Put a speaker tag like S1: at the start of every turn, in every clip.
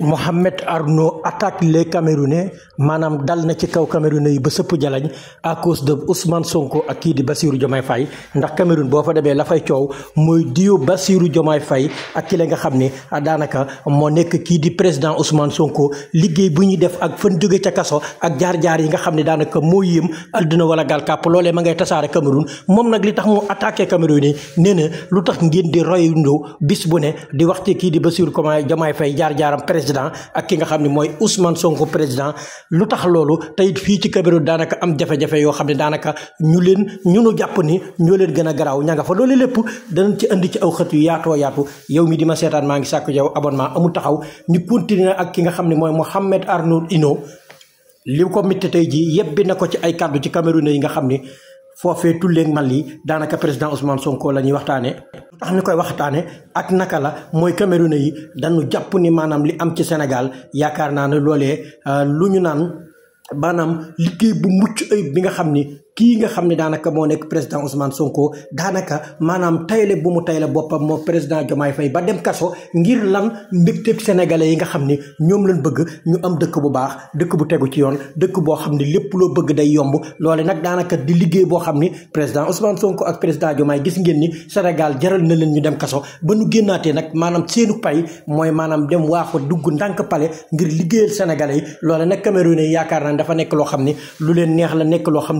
S1: Mohamed Arnaud attaque les Camerounais maanaam dal na ci kaw Camerounais yi ba sëpp jalañ à cause de Ousmane Sonko ak kii di Bassirou Diomaye fay ndax Cameroun boo fa demee la fay coow mooy diyo Bassirou Diomaye fay ak ki la nga xam ne ah, daanaka moo nekk kii di président Ousmane Sonko liggéey bu ñuy def ak fan jóge ca kaso ak jaar-jaar yi nga xam ne daanaka moo yéem àdduna wala gal kàpp loolee ma ngay tasaare Cameroun moom nag li tax mu attaqué Cameroun yi lu tax ngeen di royandoo bis bu ne di wax ci kii di Bassirou Diomaye Faye jaar-jaaram président président ak ki nga xam ne mooy Ousmane Sonko président lu tax loolu tey fii ci Kabirou daanaka am jafe-jafe yoo xam ne daanaka ñu leen ñu nu jàpp ni ñoo leen gën a garaaw ña nga fa loolu lépp danañ ci indi ci aw xët yu yaatoo yaatu yow mi di ma seetaan maa ngi sàkku yow abonnement amul taxaw ñu continuer ak ki nga xam ne mooy Mohamed Arnaud Hino li ko mitt tey jii yebbi na ko ci ay kàddu ci Cameroun yi nga xam ni foofu foofee mal yi daanaka président Ousmane Sonko la ñuy waxtaanee. lu tax ñu koy waxtaanee ak naka la mooy Camerounais yi dañu jàpp ni maanaam li am ci Sénégal yaakaar naa ne loolee euh, lu ñu naan maanaam liggéey bu mucc ayib bi nga xam ni. kii nga xam ne daanaka moo nekk président Ousmane Sonko daanaka maanaam tayle bu mu tayle boppam moo président Diomaye fay ba dem kaso ngir lan mbégteeg sénégalais yi nga xam ni ñoom lañ bëgg ñu am dëkk bu baax dëkk bu tegu ci yoon dëkk boo xam ni lépp loo bëgg day yomb loole nag daanaka di liggéey boo xam ni président Ousmane Sonko ak président Diomaye gis ngeen ni Sénégal jaral na leen ñu dem kaso ba nu génnaatee nag maanaam seenu pay mooy maanaam dem waaxu dugg ndànk pale ngir liggéeyal sénégalais yi loole nag Cameroun yi yaakaar naa dafa nekk loo xam ni lu leen la nekk loo xam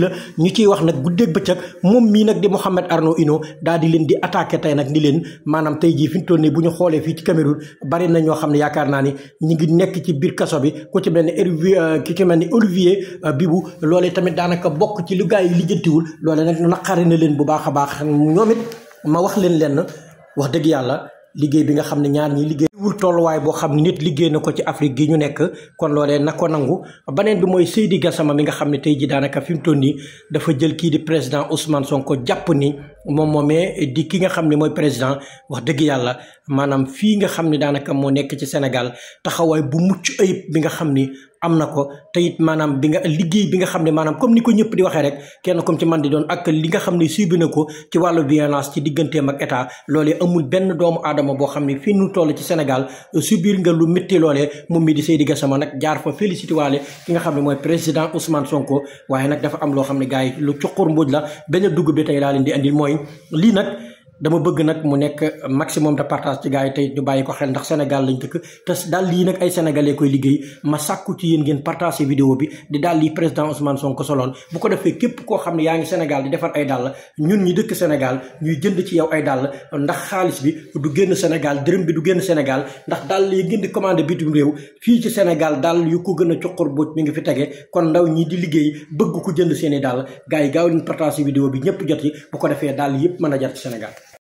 S1: la ñu ciy wax nag guddeeg bëccëg moom mii nag di Mouhamed Arnaud Hino daal di leen di attaqué tey nag ni leen maanaam tey jii fi ñu nii bu ñu xoolee fii ci Cameroun bari na ñoo xam ne yaakaar naa ni ñu ngi nekk ci biir kaso bi ku ci mel ni Hervé euh, ki ci mel ni Olivier euh, Bibu loolee tamit daanaka bokk ci lu gars yi lijjantiwul loolee nag naqari na leen bu baax a baax ma wax leen lenn wax dëgg yàlla liggéey bi nga xam ne ñaar ñi liggéey tolluwaay boo xam ne nit liggéey na ko ci Afrique gi ñu nekk kon loole na ko nangu beneen bi mooy Seydi Gassama mi nga xam ne tey ji daanaka fi mu toll nii dafa jël kii di président Ousmane Sonko jàpp ni moom moomee di ki nga xam ne mooy président wax dëgg yàlla maanaam fii nga xam ne daanaka moo nekk ci Sénégal taxawaay bu mucc ayib bi nga xam ni am na ko te it maanaam bi nga liggéey bi nga xam ne maanaam comme ni ko ñëpp di waxee rek kenn comme ci man di doon ak li nga xam ne subi na ko ci wàllu violence ci digganteem ak état loolee amul benn doomu aadama boo xam ne fii nu toll ci Sénégal biir nga lu métti loolee moom mi di Seydi sama nag jaar fa félicité waale ki nga xam ne mooy président Ousmane Sonko waaye nag dafa am loo xam ne gars yi lu cuqur mbuuj la benn dugub bi tey laa leen di indi mooy lii nag dama bëgg nag mu nekk maximum de partage ci gars yi tey ñu bàyyi ko xel ndax Sénégal lañ dëkk te dàll yi nag ay sénégalais koy liggéey ma sàkku ci yéen ngeen partagé vidéo bi di daal lii président Ousmane Sonko soloon bu ko defee képp koo xam ne yaa ngi di defar ay dàll ñun ñi dëkk Sénégal ñuy jënd ci yow ay dàll ndax xaalis bi du génn Sénégal dërëm bi du génn Sénégal ndax dàll yi ngeen di commandé réew fii ci Sénégal dàll yu ko gën a cuqur boot mi ngi fi tege kon ndaw ñi di liggéey bëgg ko jënd seen i dàll yi gaaw leen partagé vidéo bi ñëpp jot yi bu ko defee dàll yëpp mën a jar ci Sénégal